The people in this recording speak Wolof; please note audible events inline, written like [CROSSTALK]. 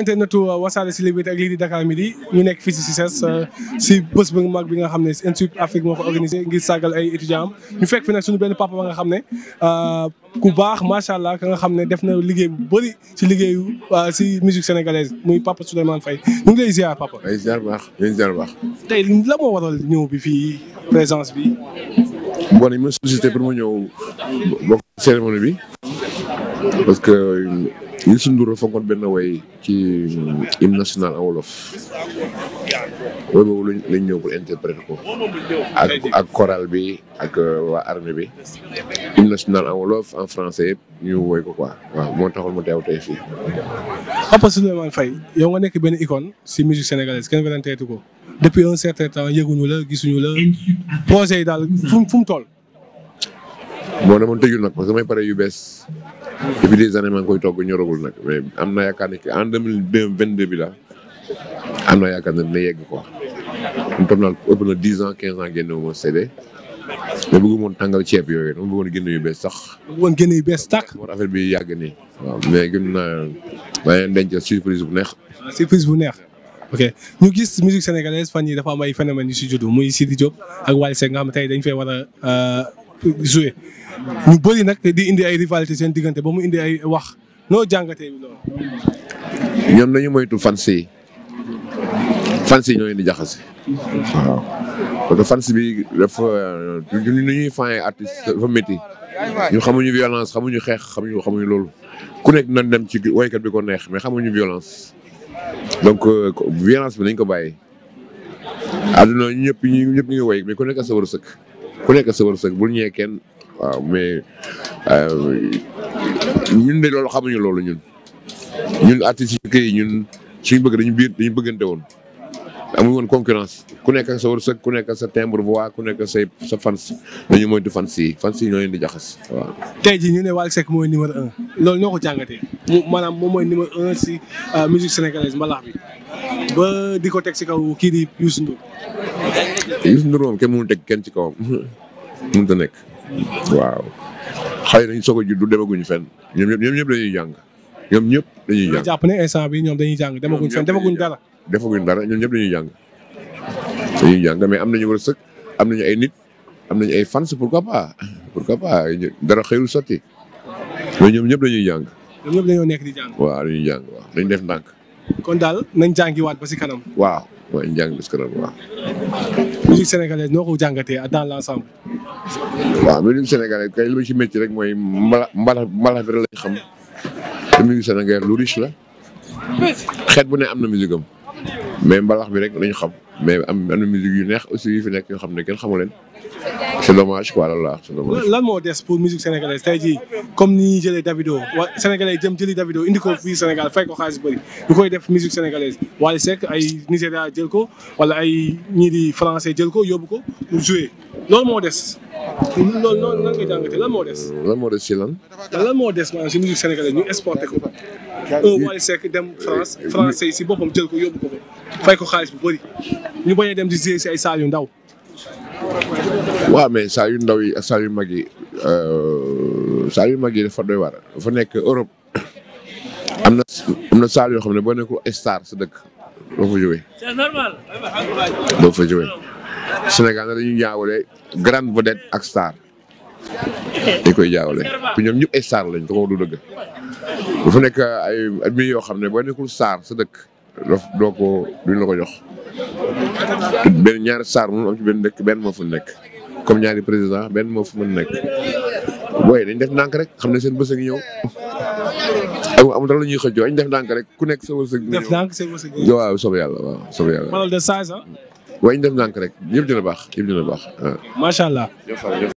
internetu uh, wasaare si libi ak lii di Dakar Midi ñu nekk fii si CICES uh, si bés bu mag bi nga xam ne Institut Afrique moo ko organisé ngir sàggal ay étudiants am ñu fekk fi nag suñu benn papa ba nga xam ne uh, ku baax macha allah ka nga xam ne def na liggéey bu bëri si liggéeyu si musique sénégalaise muy papa Souleymane Faye ñu ngi lay ziar papa. ay ziar baax ay ziar baax. tey la moo waral ñëw bi fii présence bi. bon dañ ma sollicité pour ma ñëw bokk cérémonie bi parce que. Youssou Ndour dafa benn woy ci hymne national en wolof way boobu lañ ñëw pour interpréter ko ak ak chorale bi ak euh, waa armée bi hymne national en wolof en français yëpp ñu woy ko quoi waaw moo taxoon mu teew tey fii. Papa Souleymane Faye yow nga nekk benn icône si musique sénégalaise kenn weranteetu ko depuis un certain temps yëguñu la gisuñu la projet yi daal fu mu fu mu toll. moo demoon nag parce que may pare yu bees. depuis des années maa ngi koy togg ñoragul nag mais am na yaakaar ne en deux mille vingt deux bi la am na yaakaar ne dina yegg quoi. mu toog naa ëpp na dix ans quinze ans génne wu ma CD mais bëggumoon tàngal ceeb yooyu dama bëggoon génne yu bees sax. bëggoon génne yu bees tàq. moo affaire bi yàgg nii. waaw mais gën naa maa ngi denc surprise bu neex. surprise bu neex. ok ñu gis musique sénégalaise fan yi dafa am ay phénomènes yu si juddu muy Sidi Diop ak Wally Seck nga xam ne tey joué ñu bëri nag di indi ay rivalité seen diggante ba mu indi ay wax noo jàngatee loolu. ñoom nañu moytu fans yi fans yi ñoo leen di jaxase. waaw parce que fans bi dafa ñu ñuy fànn artiste dafa métti ñu xamuñu violence xamuñu xeex xamuñu xamuñu loolu ku nekk nañ dem ci woykat bi ko neex mais xamuñu violence. donc euh, violence bi nañ ko bàyyi àdduna ñëpp ñi ñëpp ñu ngi woy mais ku nekk a sa wërsëg ku nekk sa wërsëg bul ñee kenn waaw mais euh, ñun de loolu xamuñu loolu ñun ñun artistes yi ñun suñu bëgg dañu biir dañu bëggante woon amuñu woon concurrence ku nekk ak sa ku nekk ak sa timbre voix ku nekk say sa fans dañu moytu fans yi fans yi ñoo leen di jaxas waaw. jii ñu ne Wally Seck mooy numéro loolu ñoo ko jàngatee maanaam moom mooy numéro un si euh, musique sénégalaise bi ba di ko teg si kaw kii di Youssou Ndour Youssou Ndour moom kenn mënul teg kenn ci kawam mënut a nekk waaw xale nañ soog a judd demaguñu fenn ñoom ñëpp ñoom ñëpp dañuy jàng ñoom ñëpp dañuy ne instant bi ñoom dañuy jàng demaguñ fenn demaguñ dara. defaguñ dara ñoom ñëpp dañuy jàng dañuy jàng mais am nañu wërsëg am nañu ay nit am nañu ay fans pourquoi pas pourquoi pas dara xëyul sotti mais ñoom ñëpp dañuy jàng. ñoom ñëpp dañoo nekk di jàng. waaw dañuy jàng waaw dañ def ndànk. kon daal nañ jàngiwaat ba si kanam. waaw mooy njàng scolaire bu baax. musique sénégalaise noo ko jàngatee dans l'ensemble. waaw musique sénégalaise kay li ma ci métti rek mooy mbala mbalax mbalax bi rek lañ xam te musique sénégalaise lu riche la xeet bu ne am na musique am mais mbalax bi rek lañ xam mais am na musique yu neex aussi yu fi nekk yoo xam ne kenn xamu leen. c'est dommage la c'est lan moo des pour musique sénégalaise tey jii comme ni ñuy jëlee Davido wa sénégalais jëm jëli Davido indi ko fii Sénégal fay ko xaalis bëri ñu koy def musique sénégalaise Wally Seck ay Nigéria jël ko wala ay ñii di français jël ko yóbbu ko pour jouer moo des. loolu noonu moo des. lan moo des si lan. lan moo des maanaam si musique sénégalaise ñu exporté ko. un dem France si boppam jël ko xaalis bu bëri ñu bañ dem di jouer si ay saal yu ndaw. waaw mais saayu yu ndaw yi saa yu mag yi euh, saa yu mag yi dafa doy waar dafa nekk Europe [COUGHS] am na na saal yoo xam ne boo nekkul star sa dëkk doo fa jógee. c'est normal. doo fa jógee Sénégal na dañuy jaawale grande vedette ak star dañ koy jaawale te ñoom star lañ te ko du dëgg dafa nekk ay mbir yoo xam ne boo nekkul star sa dëkk. daf doo ko duñ la ko jox benn ñaari saar moom am ci benn dëkk benn moo fu nekk comme ñaari président benn moo fu mën nekk booy dañ def ndànk rek xam ne seen bës a ngi ñëw am amul dara lu ñuy xëccoo dañ def ndànk rek ku nekk sa wërsëg def ndànk seen wërsëg waaw soob yàlla waaw soob yàlla ah? waaye ñu def ndànk rek yëpp dina baax yëpp dina baax